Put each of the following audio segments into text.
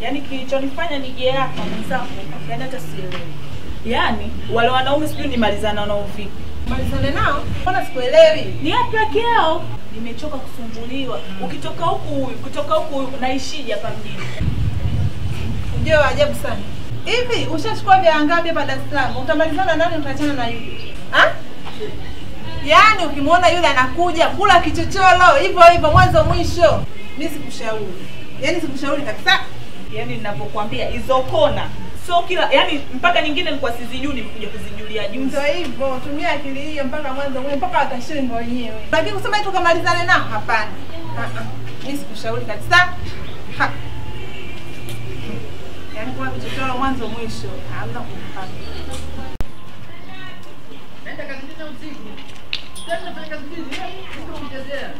yani kilichonifanya nije hapa mwenzangu, yani hata sielewi. Yani wale wanaume sijui nimalizana nao vipi? Malizane nao? Mbona sikuelewi? Ni yapi haki yao? Nimechoka kusumbuliwa, ukitoka huku huyu, kutoka huku huyu, naishije hapa mjini? Ndio ajabu sana. Hivi ushachukua vya ngapi hapa Dar es Salaam? Utamalizana nani? Utaachana na yule? Ah? Yaani ukimwona yule anakuja kula kichochoro hivyo hivyo mwanzo mwisho. Mimi sikushauri. Yaani sikushauri kabisa yani ninavyokuambia hizo kona sio kila yani mpaka nyingine nilikuwa sizijui nimekuja kuzijulia juu Ndio hivyo, tumia akili hiyo mpaka mwanzo mwe mpaka watashindwa wenyewe. Lakini kusema eti ukamalizane na hapana. Ah ah. Uh-uh. Mimi sikushauri kabisa. yani kwa kuchochora mwanzo mwisho, hamna kumpata Nenda kazini usiku. Tena fanya kazi hizi. Sikukuchezea.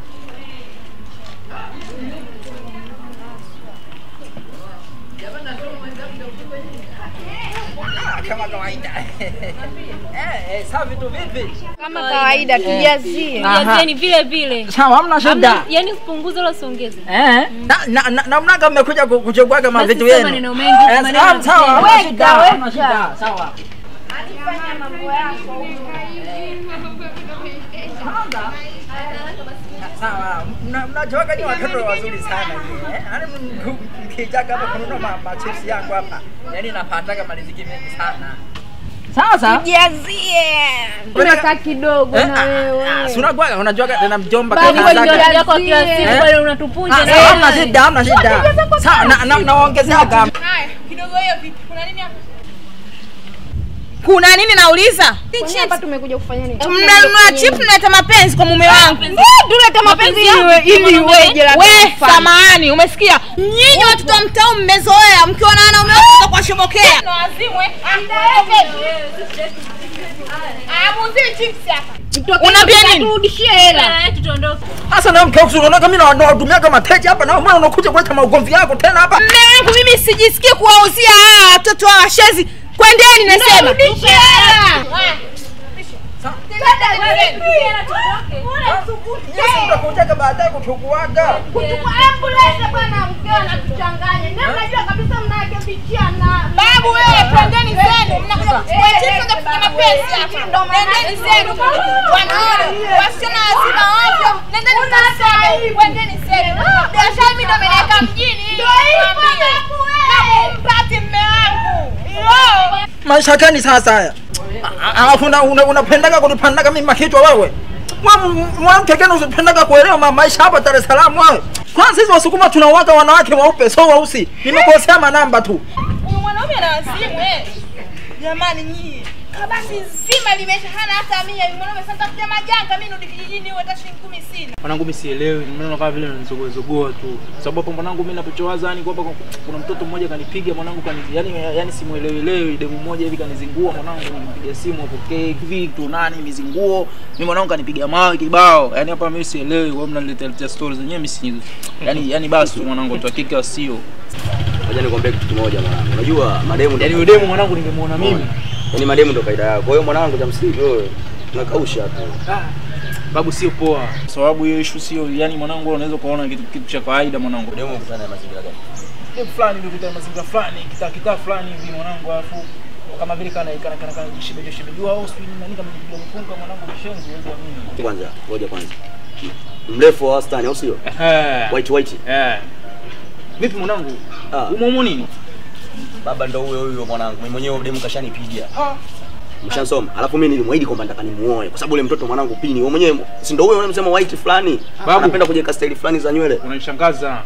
Ah, kama kawaida eh, eh, sawa. Vitu eh. vile vile. Sawa, hamna shida. Yani upunguze la usiongeze eh. eh. Mm. Na mnaga mmekuja kuchagua kama vitu yenu, maneno mengi. Sawa, weka weka, sawa. Mambo yako sawa ni watoto wazuri sana yaani mkijaga hapa kununua machips yangu hapa yaani napataga maliziki mengi sana sasa tujazie tunataka kidogo eh? na ah, wewe ah, si unagwaga unajuaga tena mjomba yako kila eh? siku bado unatupunja ah, eh, na hamna shida hamna shida sawa naongezeaga kidogo hiyo vipi kuna nini nauliza? Hapa tumekuja kufanya nini? Mnanunua chip tunaleta mapenzi kwa mume wangu. Tunaleta mapenzi ili iweje? We, samahani, umesikia? Nyinyi watoto wa mtaa mmezoea mkiona wanaume wote kwa shomokea. nini? Eh, mume wangu mimi sijisikii kuwauzia hawa watoto wa washezi. Kwendeni nasema. babu wewe, zenu. wasichana wazima ovyo. Nendeni Kwendeni zenu. Biashara mimi mjini. Maisha gani sasa haya? Ah, Alafu unapendaga kunipandaga mimi makichwa wewe? Mwanamke gani usipendaga kuelewa maisha hapa Dar es Salaam wewe? Kwanza sisi Wasukuma tunauaga wanawake weupe so weusi. Nimekosea manamba tu. Mwanaume ana wazimu eh. Jamani nyie kabati nzima limeisha, hata mia. Mwanaume sasa tafutia majanga, mimi nirudi kijijini, hata shilingi kumi sina. Mwanangu, mimi sielewi, mbona kama vile unanizogoazogoa tu, sababu hapo mwanangu mimi napochowaza, yani kwamba kuna mtoto mmoja kanipiga mwanangu, kani yani yani simuelewielewi, demu mmoja hivi kanizingua mwanangu, nilimpiga simu apokee vitu nani mizinguo, mimi mwanangu kanipiga mawe kibao, yani hapa mimi sielewi, wewe mnaniletea stories zenyewe mimi si yani yani, basi mwanangu, tu hakika sio Ngoja nikwambie kitu kimoja mwanangu. Unajua mademu ndio. Yaani demu mwanangu ningemuona mimi. Yaani mademu ndio kaida yako. Kwa hiyo mwanangu cha msingi wewe unakausha tu. Ah. Babu sio poa. Sababu hiyo issue sio yani mwanangu wewe unaweza kuona kitu kitu cha kawaida mwanangu. Demu kutana na mazingira gani? Demu fulani ndio kutana mazingira fulani, kita kita fulani hivi mwanangu afu kama vile kana kana kana kana jishibe jishibe jua au sijui nani kama jishibe mfunga mwanangu mshenzi wewe amini. Kwanza, ngoja kwanza. Mrefu wa wastani au sio? Eh. White white. Eh. Vipi mwanangu? Ah. Umo nini? Baba ndo huyo huyo mwanangu. Mimi mwenyewe demu kashanipiga. Mshansoma. Alafu mimi nilimwahidi kwamba nataka nimuoe kwa sababu ule mtoto mwanangu Pini, wewe mwenyewe si ndio huyo unamsema white fulani? Anapenda kujeka style fulani za nywele. Unanishangaza.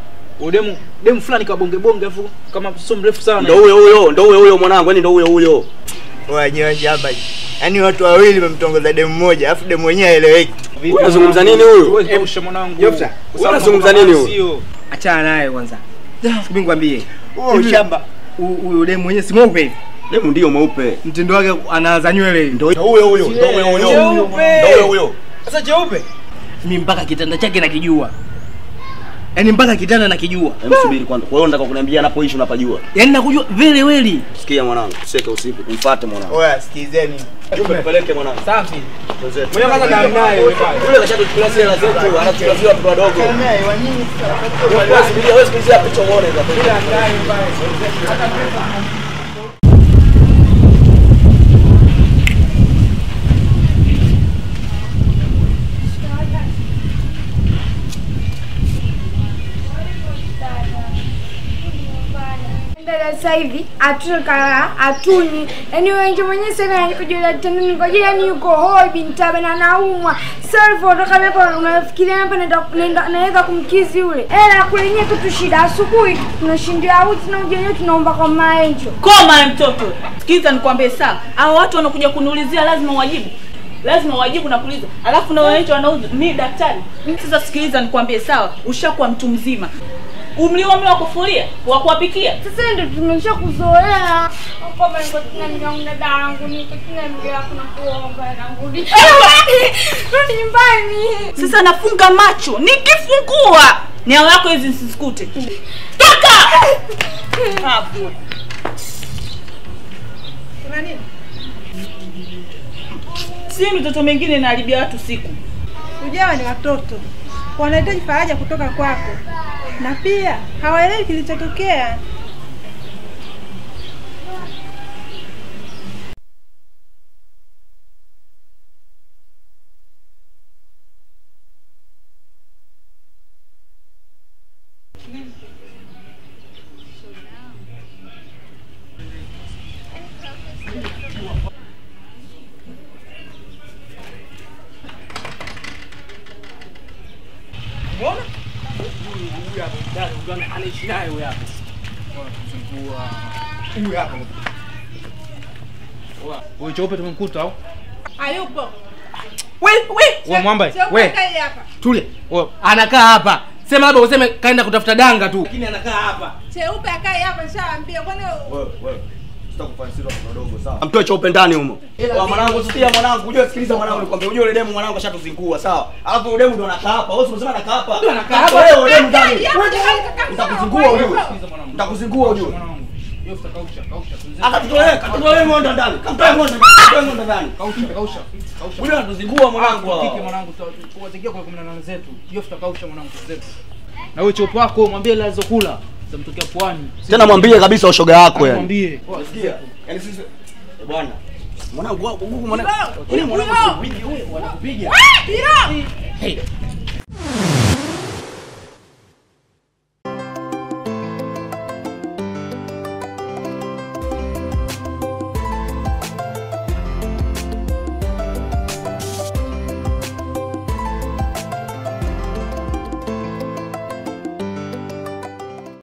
Demu demu fulani ka bonge bonge afu kama sio mrefu sana. Ndio huyo huyo, ndio huyo huyo mwanangu, yani ndio huyo huyo. Wanyonyi hapa. Yaani watu wawili wamemtongoza demu mmoja, afu demu mwenyewe haeleweki. Unazungumza nini huyu? Wewe mwanangu. Unazungumza nini huyu? Achana naye kwanza. Sikumbi ngwambie. Oh, shamba yule mwenye si mweupe hivi. ndio mweupe. Mtindo wake anaanza nywele. Ndio huyo huyo. Ndio huyo huyo. Ndio huyo huyo. Sasa jeupe. Mimi mpaka kitanda chake nakijua. Yaani mpaka kitanda nakijua. Msubiri kwanza. Kwa hiyo nataka kuniambia anapoishi unapajua. Yaani nakujua very well. Sikia mwanangu, seke usiku, mfuate mwanangu. Oya, sikizeni. Jumbe nipeleke mwanangu. Safi. Mzee. Mwenye kwanza ndio naye. Yule kashatuchukulia sera zetu, anatuchukulia watu wadogo. Kaamnaye wa nini sasa? Wewe sikizia picha uone. Bila ndani pale. Hata pesa. hivi atulika atuni yani wengi mwenye sana kujua tena kwa ajili yani yuko hoi binti bana anaumwa self kutoka hapo unafikiria hapa naenda naenda naweza kumkizi yule era kule yenyewe tu shida asubuhi tunashindia au tunakuja ujenye tunaomba kwa maenjo koma mtoto sikiza nikwambie sawa hao watu wanakuja kuniulizia lazima wajibu lazima wajibu na kuuliza, alafu na wanaitwa wanauza. Mimi daktari, sasa sikiliza, nikwambie sawa, ushakuwa mtu mzima, umri mimi wa kufulia wa kuwapikia. Sasa ndio tumesha kuzoea. dada yangu na kuomba Rudi nyumbani. Sasa nafunga macho nikifungua niao yako hizi nsisikute. Toka. Hapo. Ah, Kuna nini? Si mtoto mwingine naharibia watu siku. Ujawa ni watoto wanahitaji faraja kutoka kwako na pia hawaelewi kilichotokea. Bona? huyu hapa dada ugana anaishi naye huyu hapa. Wanamsumbua. Huyu hapa. Wewe cheupe tumemkuta au? Hayupo. We Wewe mwamba. We. Tule. Anakaa hapa. Sema labda useme kaenda kutafuta danga tu. Lakini anakaa hapa. Cheupe akae hapa nishaambia. Kwani wewe wewe Amtoe chope ndani humo. Kwa mwanangu sikia mwanangu, unajua sikiliza mwanangu nikwambie, unajua yule demu mwanangu ashatuzingua, sawa? Alafu yule demu ndo anakaa hapa. Wewe unasema anakaa hapa. Ndio anakaa hapa. Wewe yule demu ndani. Nitakuzingua ujue. Nitakuzingua ujue. Akatutolea, katutolea ng'onda ndani. Kamtoe ng'onda ndani. Kamtoe ng'onda ndani. Kausha, kausha. Kausha. Wewe unatuzingua mwanangu. Kiki mwanangu, tuwatekia kwa 18 zetu. Hiyo kausha mwanangu zetu. Na wewe chopo wako mwambie lazo kula. Mtokea pwani. Tena mwambie kabisa ushoga wako yani. Mwambie. Sikia. Yaani sisi eh, bwana mwanangu yaani mwanangu mwanangu mwanangu mwanangu mwanangu mwanangu mwanangu mwanangu mwanangu mwanangu